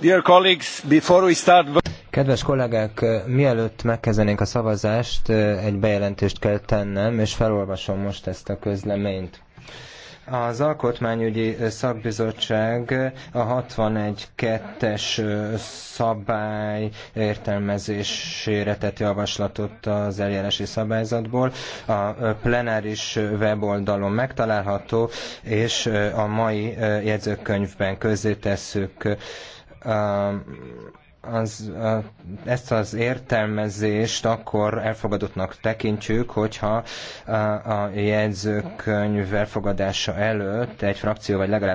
Dear colleagues, before we start... Kedves kollégák, mielőtt megkezdenénk a szavazást, egy bejelentést kell tennem, és felolvasom most ezt a közleményt. Az Alkotmányügyi Szakbizottság a 61.2-es szabály értelmezésére tett javaslatot az eljárási szabályzatból. A plenáris weboldalon megtalálható, és a mai jegyzőkönyvben közzétesszük Um, az, ezt az értelmezést akkor elfogadottnak tekintjük, hogyha a jegyzőkönyv elfogadása előtt egy frakció vagy legalább